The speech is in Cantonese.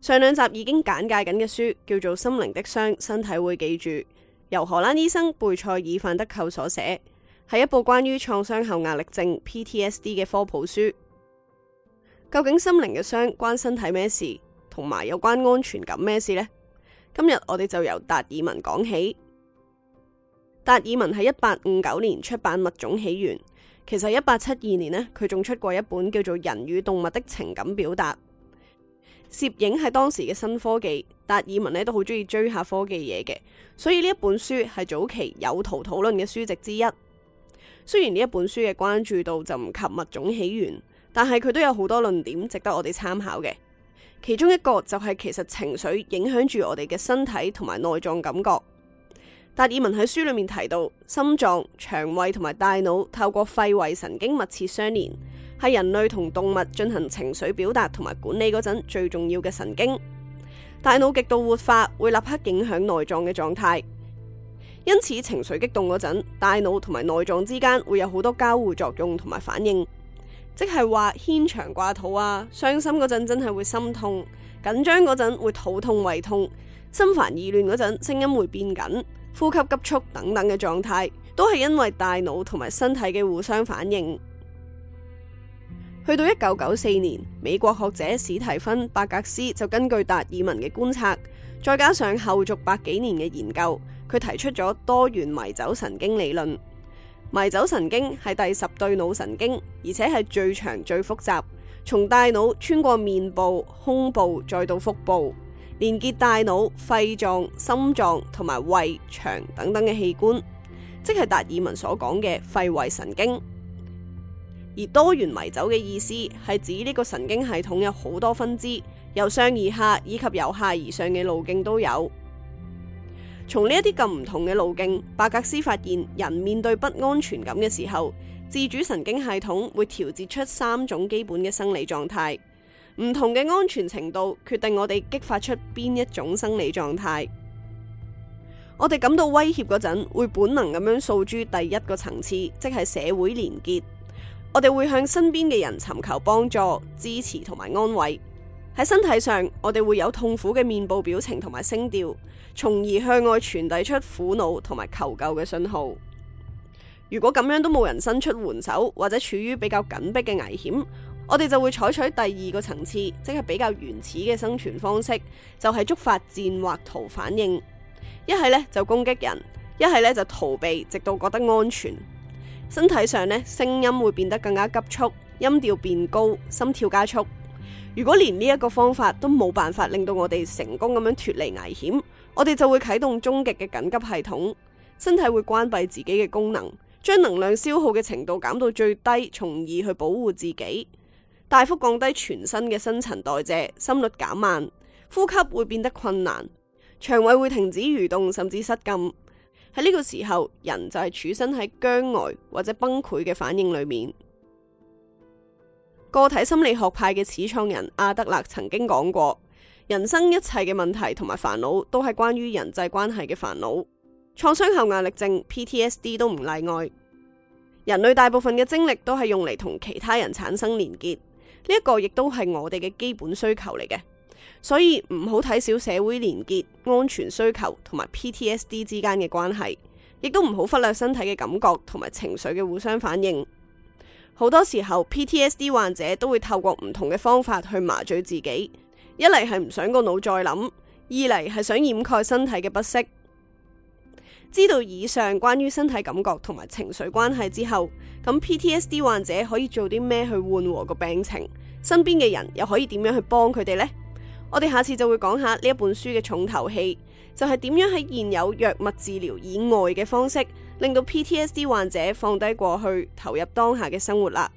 上兩集已經簡介緊嘅書叫做《心靈的傷，身體會記住》，由荷蘭醫生貝塞爾范德寇所寫，係一部關於創傷後壓力症 （PTSD） 嘅科普書。究竟心靈嘅傷關身體咩事，同埋有關安全感咩事呢？今日我哋就由達爾文講起。達爾文喺一八五九年出版《物種起源》，其實一八七二年呢，佢仲出過一本叫做《人與動物的情感表達》。攝影係當時嘅新科技，達爾文呢都好中意追下科技嘢嘅，所以呢一本書係早期有圖討論嘅書籍之一。雖然呢一本書嘅關注度就唔及物種起源，但係佢都有好多論點值得我哋參考嘅。其中一個就係其實情緒影響住我哋嘅身體同埋內臟感覺。達爾文喺書裏面提到，心臟、腸胃同埋大腦透過肺胃神經密切相連。係人類同動物進行情緒表達同埋管理嗰陣最重要嘅神經，大腦極度活化會立刻影響內臟嘅狀態，因此情緒激動嗰陣，大腦同埋內臟之間會有好多交互作用同埋反應，即係話牽腸掛肚啊，傷心嗰陣真係會心痛，緊張嗰陣會肚痛胃痛，心煩意亂嗰陣聲音會變緊，呼吸急促等等嘅狀態，都係因為大腦同埋身體嘅互相反應。去到一九九四年，美國學者史提芬·伯格斯就根據達爾文嘅觀察，再加上後續百幾年嘅研究，佢提出咗多元迷走神經理論。迷走神經係第十對腦神經，而且係最長最複雜，從大腦穿過面部、胸部再到腹部，連結大腦、肺臟、心臟同埋胃腸等等嘅器官，即係達爾文所講嘅肺胃神經。而多元迷走嘅意思係指呢個神經系統有好多分支，由上而下以及由下而上嘅路徑都有。從呢一啲咁唔同嘅路徑，白格斯發現人面對不安全感嘅時候，自主神經系統會調節出三種基本嘅生理狀態，唔同嘅安全程度決定我哋激發出邊一種生理狀態。我哋感到威脅嗰陣會本能咁樣訴諸第一個層次，即係社會連結。我哋會向身邊嘅人尋求幫助、支持同埋安慰。喺身體上，我哋會有痛苦嘅面部表情同埋聲調，從而向外傳遞出苦惱同埋求救嘅信號。如果咁樣都冇人伸出援手，或者處於比較緊迫嘅危險，我哋就會採取第二個層次，即係比較原始嘅生存方式，就係觸發戰或逃反應。一係咧，就攻擊人，一係咧，就逃避，直到覺得安全。身體上咧，聲音會變得更加急促，音調變高，心跳加速。如果連呢一個方法都冇辦法令到我哋成功咁樣脫離危險，我哋就會啟動終極嘅緊急系統，身體會關閉自己嘅功能，將能量消耗嘅程度減到最低，從而去保護自己，大幅降低全身嘅新陳代謝，心率減慢，呼吸會變得困難，腸胃會停止蠕動，甚至失禁。喺呢個時候，人就係處身喺僵外或者崩潰嘅反應裏面。個體心理學派嘅始創人阿德勒曾經講過，人生一切嘅問題同埋煩惱，都係關於人際關係嘅煩惱。創傷後壓力症 （PTSD） 都唔例外。人類大部分嘅精力都係用嚟同其他人產生連結，呢一個亦都係我哋嘅基本需求嚟嘅。所以唔好睇少社會連結、安全需求同埋 PTSD 之間嘅關係，亦都唔好忽略身體嘅感覺同埋情緒嘅互相反應。好多時候 PTSD 患者都會透過唔同嘅方法去麻醉自己，一嚟係唔想個腦再諗，二嚟係想掩蓋身體嘅不適。知道以上關於身體感覺同埋情緒關係之後，咁 PTSD 患者可以做啲咩去緩和個病情？身邊嘅人又可以點樣去幫佢哋呢？我哋下次就會講下呢一本書嘅重頭戲，就係點樣喺現有藥物治療以外嘅方式，令到 PTSD 患者放低過去，投入當下嘅生活啦。